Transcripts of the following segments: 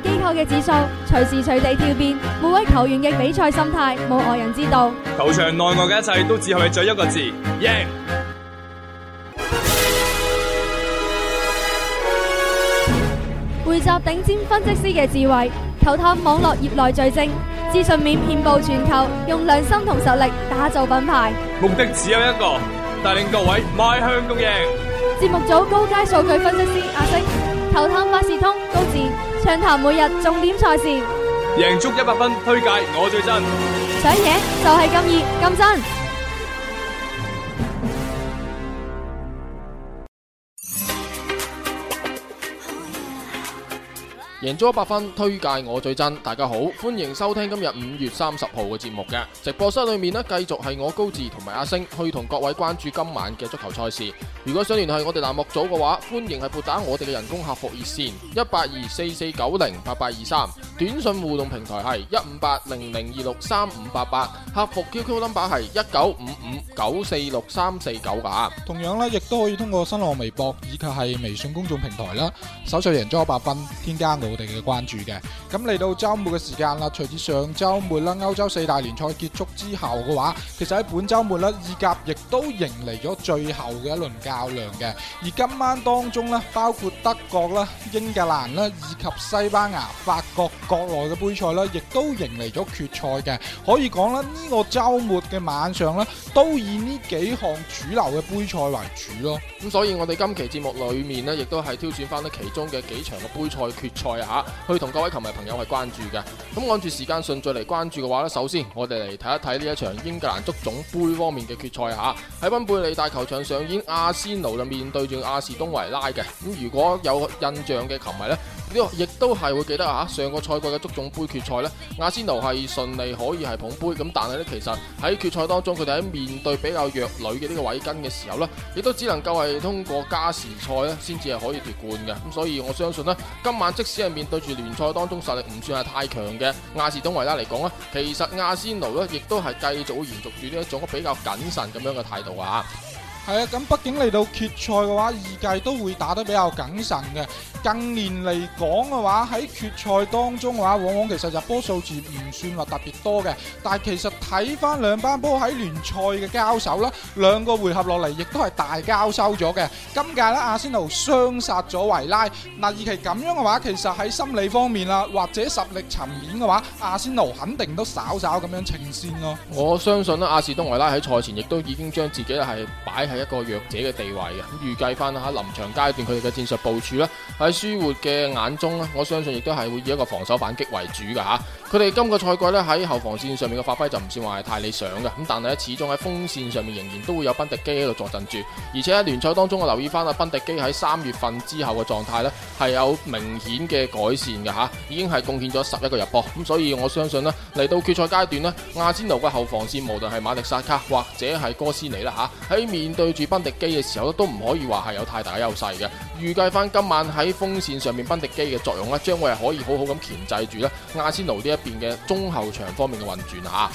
機構嘅指數隨時隨地跳變，每位球員嘅比賽心態冇外人知道。球場內外嘅一切都只係為咗一個字：贏。匯集頂尖分析師嘅智慧，球探網絡業內最精，資訊面遍布全球，用良心同實力打造品牌。目的只有一個，帶領各位邁向共贏。節目組高階數據分析師阿星，球探萬事通高智。暢談每日重點賽事，贏足一百分，推介我最真，想贏就係咁易咁真。贏咗一百分，推介我最真。大家好，歡迎收聽今日五月三十號嘅節目嘅直播室裏面咧，繼續係我高志同埋阿星去同各位關注今晚嘅足球賽事。如果想聯繫我哋欄目組嘅話，歡迎係撥打我哋嘅人工客服熱線一八二四四九零八八二三，23, 短信互動平台係一五八零零二六三五八八，客服 QQ number 係一九五五九四六三四九噶。88, Q Q 同樣咧，亦都可以通過新浪微博以及係微信公眾平台啦，搜索贏咗一百分，添加我。我哋嘅關注嘅，咁嚟到周末嘅時間啦，隨住上周末啦，歐洲四大聯賽結束之後嘅話，其實喺本周末咧，意甲亦都迎嚟咗最後嘅一輪較量嘅。而今晚當中咧，包括德國啦、英格蘭啦以及西班牙、法國國內嘅杯賽啦，亦都迎嚟咗決賽嘅。可以講啦呢個周末嘅晚上咧，都以呢幾項主流嘅杯賽為主咯。咁所以我哋今期節目裏面咧，亦都係挑選翻咧其中嘅幾場嘅杯賽決賽。吓，去同各位球迷朋友去關注嘅，咁按住時間順序嚟關注嘅話咧，首先我哋嚟睇一睇呢一場英格蘭足總杯方面嘅決賽吓，喺溫貝利大球場上演，阿仙奴就面對住阿士東維拉嘅，咁如果有印象嘅球迷咧，亦都係會記得啊！上個賽季嘅足總杯決賽呢，亞仙奴係順利可以係捧杯，咁但係咧，其實喺決賽當中，佢哋喺面對比較弱旅嘅呢個尾根嘅時候呢，亦都只能夠係通過加時賽咧，先至係可以奪冠嘅。咁所以我相信呢，今晚即使係面對住聯賽當中實力唔算係太強嘅亞士東維拉嚟講呢，其實亞仙奴呢，亦都係繼續延續住呢一種比較謹慎咁樣嘅態度啊！係啊，咁畢竟嚟到決賽嘅話，二屆都會打得比較謹慎嘅。近年嚟講嘅話，喺決賽當中嘅話，往往其實入波數字唔算話特別多嘅。但係其實睇翻兩班波喺聯賽嘅交手啦，兩個回合落嚟，亦都係大交收咗嘅。今屆咧，阿仙奴雙殺咗維拉，嗱，而其咁樣嘅話，其實喺心理方面啦，或者實力層面嘅話，阿仙奴肯定都稍稍咁樣呈現咯。我相信咧，阿士東維拉喺賽前亦都已經將自己係擺喺。係一個弱者嘅地位嘅，咁預計翻喺臨場階段佢哋嘅戰術部署咧，喺舒活嘅眼中呢，我相信亦都係會以一個防守反擊為主嘅吓。佢哋今個賽季咧，喺後防線上面嘅發揮就唔算話係太理想嘅，咁但係咧，始終喺鋒線上面仍然都會有賓迪基喺度坐鎮住，而且喺聯賽當中我留意翻啊賓迪基喺三月份之後嘅狀態咧係有明顯嘅改善嘅吓，已經係貢獻咗十一個入波，咁所以我相信咧，嚟到決賽階段咧，亞仙奴嘅後防線無論係馬迪薩卡或者係哥斯尼啦吓，喺面對對住賓迪基嘅時候都唔可以話係有太大嘅優勢嘅。預計翻今晚喺鋒線上面賓迪基嘅作用咧，將會係可以好好咁鉗制住咧阿仙奴呢一邊嘅中後場方面嘅運轉吓。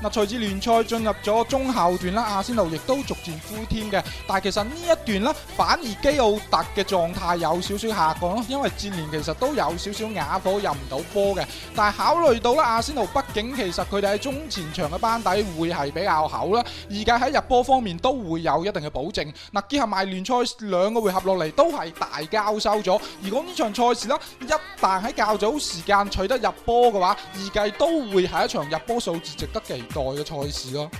嗱，隨住聯賽進入咗中後段啦，阿仙奴亦都逐漸敷添嘅。但係其實呢一段咧，反而基奧特嘅狀態有少少下降咯，因為接連其實都有少少啞火入唔到波嘅。但係考慮到咧，阿仙奴不景其實佢哋喺中前場嘅班底會係比較厚啦，預計喺入波方面都會有一定嘅保證。嗱、啊，結合埋聯賽兩個回合落嚟都係大交收咗，如果呢場賽事啦，一旦喺較早時間取得入波嘅話，預計都會係一場入波數字值得期待嘅賽事咯。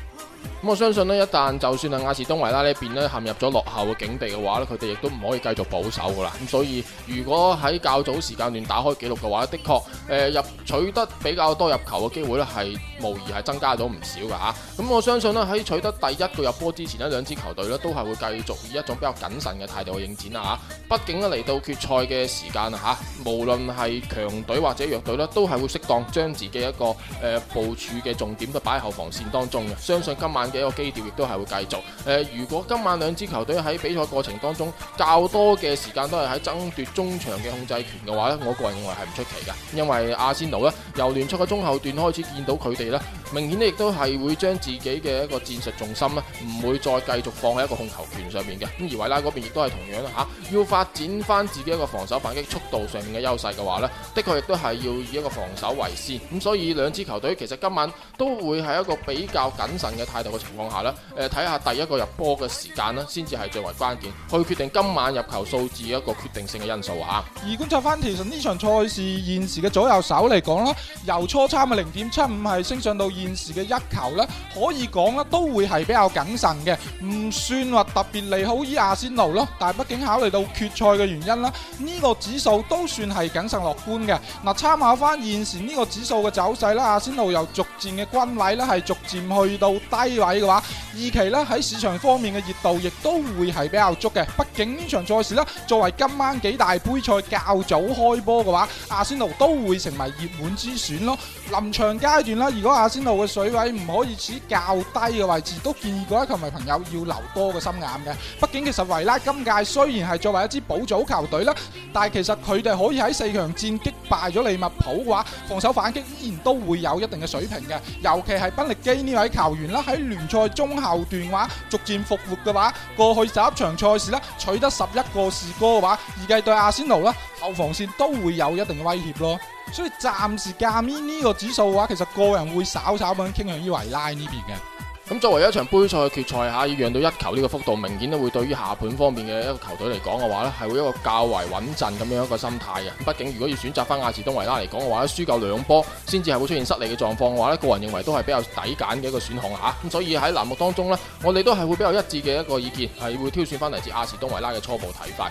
咁我相信一旦就算係阿士東維拉呢邊陷入咗落後嘅境地嘅話咧，佢哋亦都唔可以繼續保守噶啦。咁所以，如果喺較早時間段打開紀錄嘅話，的確，誒、呃、入取得比較多入球嘅機會係無疑係增加咗唔少噶吓。咁我相信呢，喺取得第一個入波之前呢，兩支球隊都係會繼續以一種比較謹慎嘅態度去應戰啦吓。畢竟嚟到決賽嘅時間吓，無論係強隊或者弱隊都係會適當將自己一個誒、呃、部署嘅重點都擺喺後防線當中嘅。相信今晚。嘅一個基調亦都係會繼續。誒、呃，如果今晚兩支球隊喺比賽過程當中較多嘅時間都係喺爭奪中場嘅控制權嘅話咧，我個人認為係唔出奇嘅，因為阿仙奴咧由聯賽嘅中後段開始見到佢哋咧。明顯咧，亦都係會將自己嘅一個戰術重心呢，唔會再繼續放喺一個控球權上面嘅。咁而維拉嗰邊亦都係同樣啦嚇，要發展翻自己一個防守反擊速度上面嘅優勢嘅話呢，的確亦都係要以一個防守為先。咁所以兩支球隊其實今晚都會係一個比較謹慎嘅態度嘅情況下呢，誒睇下第一個入波嘅時間咧，先至係最為關鍵，去決定今晚入球數字一個決定性嘅因素啊！而觀察翻其實呢場賽事現時嘅左右手嚟講啦，由初參嘅零點七五係升上到，現時嘅一球呢，可以講呢，都會係比較謹慎嘅，唔算話特別利好於阿仙奴咯。但係畢竟考慮到決賽嘅原因啦，呢、這個指數都算係謹慎樂觀嘅。嗱，參考翻現時呢個指數嘅走勢啦，阿仙奴由逐漸嘅軍位呢係逐漸去到低位嘅話，二期呢喺市場方面嘅熱度亦都會係比較足嘅。畢竟呢場賽事呢，作為今晚幾大杯賽較早開波嘅話，阿仙奴都會成為熱門之選咯。臨場階段啦，如果阿仙，嘅水位唔可以處於較低嘅位置，都建議各位球迷朋友要留多個心眼嘅。畢竟其實維拉今屆雖然係作為一支保組球隊啦，但係其實佢哋可以喺四強戰擊敗咗利物浦嘅話，防守反擊依然都會有一定嘅水平嘅。尤其係賓力基呢位球員啦，喺聯賽中後段的話逐漸復活嘅話，過去十一場賽事啦，取得十一個士哥嘅話，預計對阿仙奴啦後防，防線都會有一定嘅威脅咯。所以暫時價咪呢個指數嘅話，其實個人會稍稍咁，傾向於維拉呢邊嘅。咁作為一場杯賽嘅決賽嚇，要讓到一球呢個幅度，明顯都會對於下盤方面嘅一個球隊嚟講嘅話咧，係會一個較為穩陣咁樣一個心態嘅。畢竟如果要選擇翻亞士東維拉嚟講嘅話，輸夠兩波先至係會出現失利嘅狀況嘅話咧，個人認為都係比較抵揀嘅一個選項嚇。咁所以喺欄目當中咧，我哋都係會比較一致嘅一個意見，係會挑選翻嚟自亞士東維拉嘅初步睇法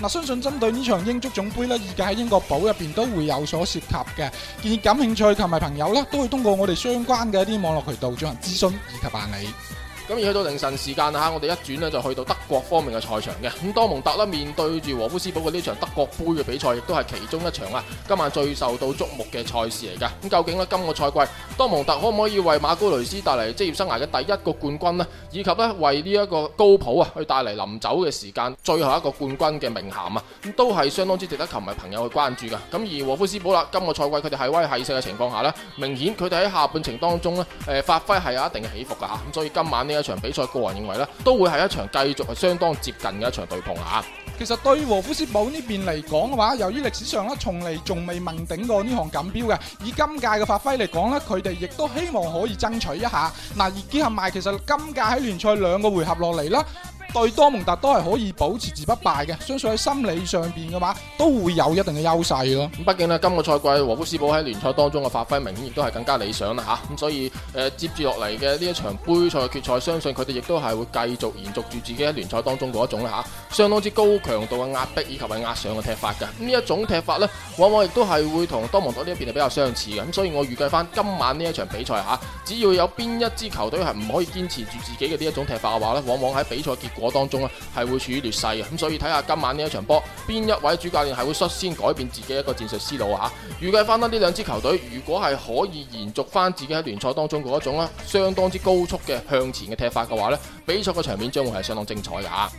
㗎。嗱，相信針對呢場英足總杯呢，而家喺英國堡入邊都會有所涉及嘅，建議感興趣及埋朋友咧，都會通過我哋相關嘅一啲網絡渠道進行諮詢以及。辦理，咁而去到凌晨時間吓，我哋一轉咧就去到德。各方面嘅賽場嘅，咁多蒙特啦，面對住和夫斯堡嘅呢場德國盃嘅比賽，亦都係其中一場啊，今晚最受到矚目嘅賽事嚟噶。咁究竟咧今個賽季多蒙特可唔可以為馬高雷斯帶嚟職業生涯嘅第一個冠軍咧？以及咧為呢一個高普啊去帶嚟臨走嘅時間最後一個冠軍嘅名銜啊，咁都係相當之值得球迷朋友去關注噶。咁而和夫斯堡啦，今個賽季佢哋係威係勢嘅情況下咧，明顯佢哋喺下半程當中咧，誒、呃、發揮係有一定嘅起伏噶吓。咁所以今晚呢一場比賽，個人認為咧都會係一場繼續去相當接近嘅一場對碰啊！其實對於禾夫斯堡呢邊嚟講嘅話，由於歷史上咧從嚟仲未問鼎過呢項錦標嘅，以今屆嘅發揮嚟講咧，佢哋亦都希望可以爭取一下。嗱，而結合埋其實今屆喺聯賽兩個回合落嚟啦。對多蒙特都係可以保持住不敗嘅，相信喺心理上邊嘅話都會有一定嘅優勢咯。咁畢竟咧，今個賽季禾夫斯堡喺聯賽當中嘅發揮明顯亦都係更加理想啦吓。咁、啊、所以誒、呃、接住落嚟嘅呢一場杯賽嘅決賽，相信佢哋亦都係會繼續延續住自己喺聯賽當中嗰一種吓、啊，相當之高強度嘅壓迫，以及係壓上嘅踢法嘅。呢、啊、一種踢法咧，往往亦都係會同多蒙特呢一邊係比較相似嘅。咁、啊、所以我預計翻今晚呢一場比賽吓、啊，只要有邊一支球隊係唔可以堅持住自己嘅呢一種踢法嘅話咧，往往喺比賽結果我當中咧，係會處於劣勢嘅，咁所以睇下今晚呢一場波邊一位主教練係會率先改變自己一個戰術思路啊。預計翻啦，呢兩支球隊如果係可以延續翻自己喺聯賽當中嗰一種啦，相當之高速嘅向前嘅踢法嘅話咧，比賽嘅場面將會係相當精彩嘅啊。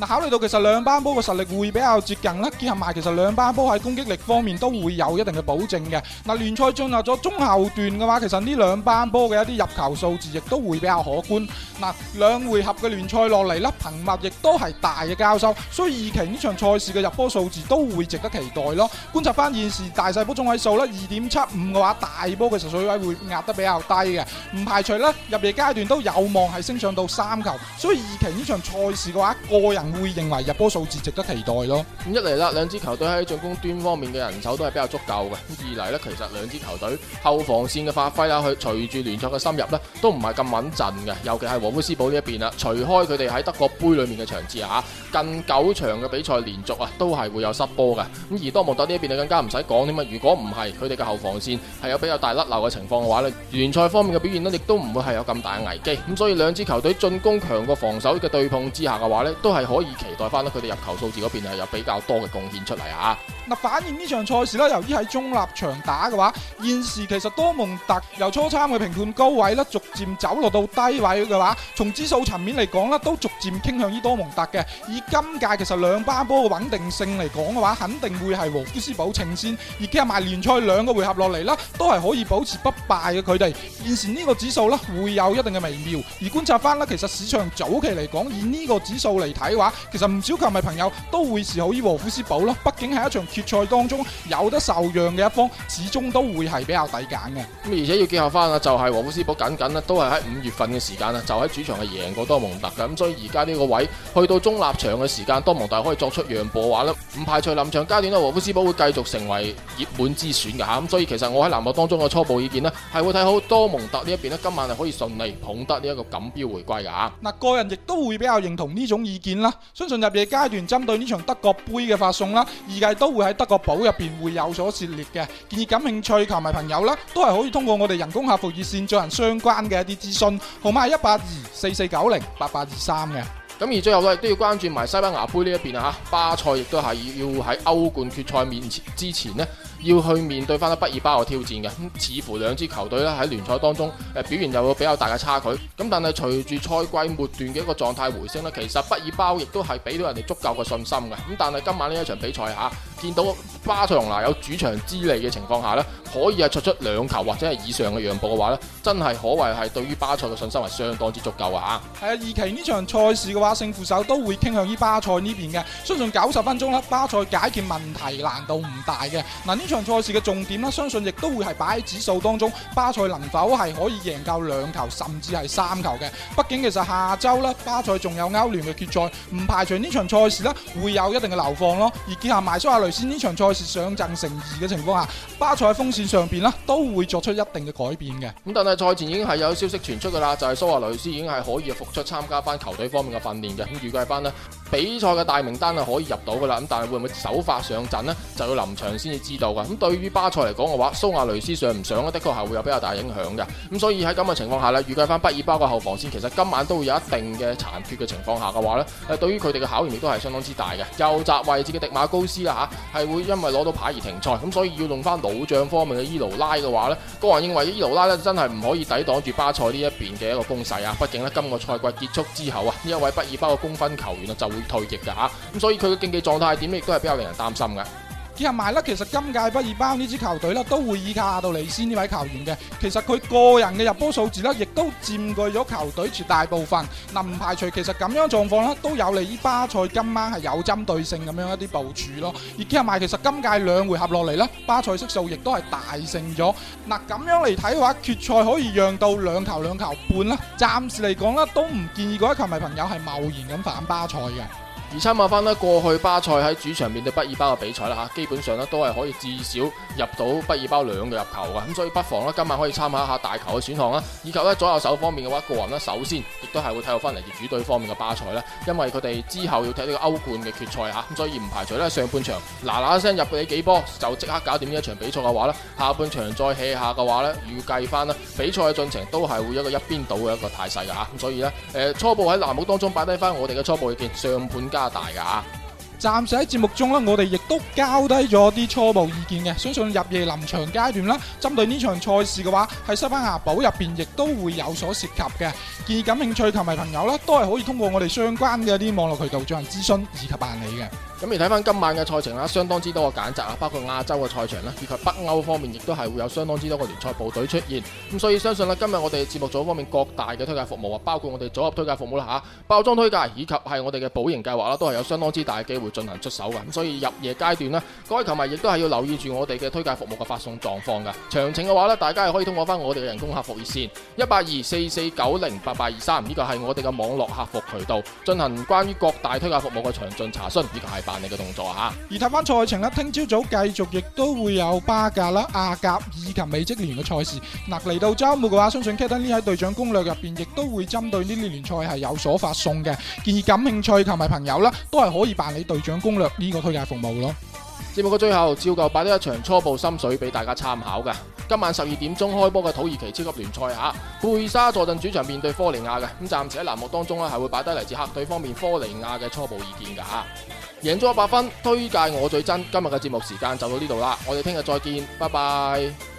嗱，考慮到其實兩班波嘅實力會比較接近啦，結合埋其實兩班波喺攻擊力方面都會有一定嘅保證嘅。嗱，聯賽進入咗中後段嘅話，其實呢兩班波嘅一啲入球數字亦都會比較可觀。嗱，兩回合嘅聯賽落嚟啦，頻密亦都係大嘅交收，所以二期呢場賽事嘅入波數字都會值得期待咯。觀察翻現時大細波中位數啦，二點七五嘅話，大波嘅實水位會壓得比較低嘅，唔排除啦入夜階段都有望係升上到三球。所以二期呢場賽事嘅話，個人。會認為入波數字值得期待咯。咁一嚟啦，兩支球隊喺進攻端方面嘅人手都係比較足夠嘅。二嚟咧，其實兩支球隊後防線嘅發揮啊，佢隨住聯賽嘅深入咧，都唔係咁穩陣嘅。尤其係禾夫斯堡呢一邊啦，除開佢哋喺德國杯裏面嘅場次啊，近九場嘅比賽連續啊，都係會有失波嘅。咁而多蒙特呢一邊更加唔使講添啦。如果唔係佢哋嘅後防線係有比較大甩漏嘅情況嘅話咧，聯賽方面嘅表現咧，亦都唔會係有咁大嘅危機。咁所以兩支球隊進攻強過防守嘅對碰之下嘅話咧，都係可。可以期待翻啦，佢哋入球數字嗰邊係有比較多嘅貢獻出嚟啊，嗱，反而呢場賽事咧，由於喺中立場打嘅話，現時其實多蒙特由初參嘅評判高位咧，逐漸走落到低位嘅話，從指數層面嚟講咧，都逐漸傾向於多蒙特嘅。以今屆其實兩班波嘅穩定性嚟講嘅話，肯定會係禾夫斯堡稱先。而加埋聯賽兩個回合落嚟啦，都係可以保持不敗嘅佢哋。現時呢個指數咧會有一定嘅微妙，而觀察翻啦，其實市場早期嚟講，以呢個指數嚟睇話。其實唔少球迷朋友都會視好依沃夫斯堡咯，畢竟係一場決賽當中有得受讓嘅一方，始終都會係比較抵揀嘅。咁而且要結合翻啊，就係、是、沃夫斯堡僅僅咧，都係喺五月份嘅時間啊，就喺主場係贏過多蒙特。咁所以而家呢個位去到中立場嘅時間，多蒙特可以作出讓步嘅話咧，唔排除臨場階段咧，沃夫斯堡會繼續成為熱門之選嘅吓。咁所以其實我喺欄目當中嘅初步意見咧，係會睇好多蒙特呢一邊咧，今晚係可以順利捧得呢一個錦標回歸嘅吓。嗱，個人亦都會比較認同呢種意見啦。相信入邊嘅階段針對呢場德國盃嘅發送啦，預計都會喺德國寶入邊會有所涉獵嘅，建議感興趣球迷朋友啦，都係可以通過我哋人工客服熱線進行相關嘅一啲資訊，號碼係一八二四四九零八八二三嘅。咁而最後咧都要關注埋西班牙盃呢一邊啊，哈！巴塞亦都係要喺歐冠決賽面前之前呢。要去面對翻得畢爾包嘅挑戰嘅，咁似乎兩支球隊咧喺聯賽當中誒表現有個比較大嘅差距，咁但係隨住賽季末段嘅一個狀態回升咧，其實畢爾包亦都係俾到人哋足夠嘅信心嘅，咁但係今晚呢一場比賽嚇。見到巴塞羅那有主場之利嘅情況下，呢可以係出出兩球或者係以上嘅讓步嘅話呢，真係可謂係對於巴塞嘅信心係相當之足夠啊！係啊，而其呢場賽事嘅話，勝負手都會傾向於巴塞呢邊嘅，相信九十分鐘啦，巴塞解決問題難度唔大嘅。嗱，呢場賽事嘅重點呢，相信亦都會係擺喺指數當中，巴塞能否係可以贏夠兩球甚至係三球嘅？畢竟其實下周呢，巴塞仲有歐聯嘅決賽，唔排除呢場賽事呢會有一定嘅流放咯。而結合埋蘇亞雷斯呢場賽事上陣成疑嘅情況下，巴塞鋒線上邊啦都會作出一定嘅改變嘅。咁但係賽前已經係有消息傳出嘅啦，就係蘇亞雷斯已經係可以復出參加翻球隊方面嘅訓練嘅。咁預計翻咧。比賽嘅大名單啊，可以入到噶啦，咁但係會唔會首發上陣呢？就要臨場先至知道噶。咁對於巴塞嚟講嘅話，蘇亞雷斯上唔上呢？的確係會有比較大影響嘅。咁所以喺咁嘅情況下呢，預計翻畢爾巴嘅後防線其實今晚都會有一定嘅殘缺嘅情況下嘅話呢，誒對於佢哋嘅考驗亦都係相當之大嘅。右閘位置嘅迪馬高斯啊，嚇，係會因為攞到牌而停賽，咁所以要用翻老將方面嘅伊奴拉嘅話呢，個人認為伊奴拉呢真係唔可以抵擋住巴塞呢一邊嘅一個攻勢啊。畢竟呢，今個賽季結束之後啊，呢一位畢爾巴嘅功勛球員啊就退役嘅吓，咁所以佢嘅競技狀態態點，亦都係比較令人擔心嘅。兼埋啦，其實今屆畢爾包呢支球隊啦，都會依靠到阿杜里斯呢位球員嘅。其實佢個人嘅入波數字咧，亦都佔據咗球隊絕大部分。嗱，唔排除其實咁樣狀況啦，都有利於巴塞今晚係有針對性咁樣一啲部署咯。而兼埋其實今屆兩回合落嚟咧，巴塞悉數亦都係大勝咗。嗱，咁樣嚟睇嘅話，決賽可以讓到兩球兩球半啦。暫時嚟講咧，都唔建議位球迷朋友係貿然咁反巴塞嘅。而參考翻咧過去巴塞喺主場面對畢爾巴嘅比賽啦嚇，基本上咧都係可以至少入到畢爾巴兩個入球嘅，咁所以不妨咧今晚可以參考一下大球嘅選項啦，以及咧左右手方面嘅話，個人咧首先亦都係會睇到翻嚟主隊方面嘅巴塞咧，因為佢哋之後要睇呢個歐冠嘅決賽嚇，咁所以唔排除呢上半場嗱嗱聲入去幾波就即刻搞掂呢一場比賽嘅話咧，下半場再 hea 下嘅話咧，預計翻咧比賽嘅進程都係會一個一邊倒嘅一個態勢嘅嚇，咁所以呢，誒、呃、初步喺藍帽當中擺低翻我哋嘅初步意見，上半加大噶，暫時喺節目中啦，我哋亦都交低咗啲初步意見嘅，相信入夜臨場階段啦，針對呢場賽事嘅話，喺西班牙堡入邊亦都會有所涉及嘅，建議感興趣球迷朋友呢，都係可以通過我哋相關嘅啲網絡渠道進行諮詢以及辦理嘅。咁而睇翻今晚嘅賽程啦，相當之多嘅揀擇啊，包括亞洲嘅賽場啦，以及北歐方面亦都係會有相當之多嘅聯賽部隊出現。咁所以相信啦，今日我哋節目組方面各大嘅推介服務啊，包括我哋組合推介服務啦嚇，包裝推介以及係我哋嘅保營計劃啦，都係有相當之大嘅機會進行出手嘅。咁所以入夜階段咧，各位球迷亦都係要留意住我哋嘅推介服務嘅發送狀況㗎。詳情嘅話呢，大家係可以通過翻我哋嘅人工客服熱線一八二四四九零八八二三，呢個係我哋嘅網絡客服渠道，進行關於各大推介服務嘅詳盡查詢，以及係。辦動作吓，啊、而睇翻賽程咧，聽朝早繼續亦都會有巴甲啦、亞甲以及美職聯嘅賽事。嗱，嚟到周末嘅話，相信 k a d 呢喺隊長攻略入邊亦都會針對呢啲聯賽係有所發送嘅。建議感興趣同埋朋友啦，都係可以辦理隊長攻略呢個推介服務咯。節目嘅最後，照舊擺低一場初步心水俾大家參考嘅。今晚十二點鐘開波嘅土耳其超級聯賽吓，貝沙坐鎮主場面對科尼亞嘅咁，暫時喺欄目當中咧係會擺低嚟自客隊方面科尼亞嘅初步意見噶吓。贏咗一百分，推介我最真。今日嘅節目時間就到呢度啦，我哋聽日再見，拜拜。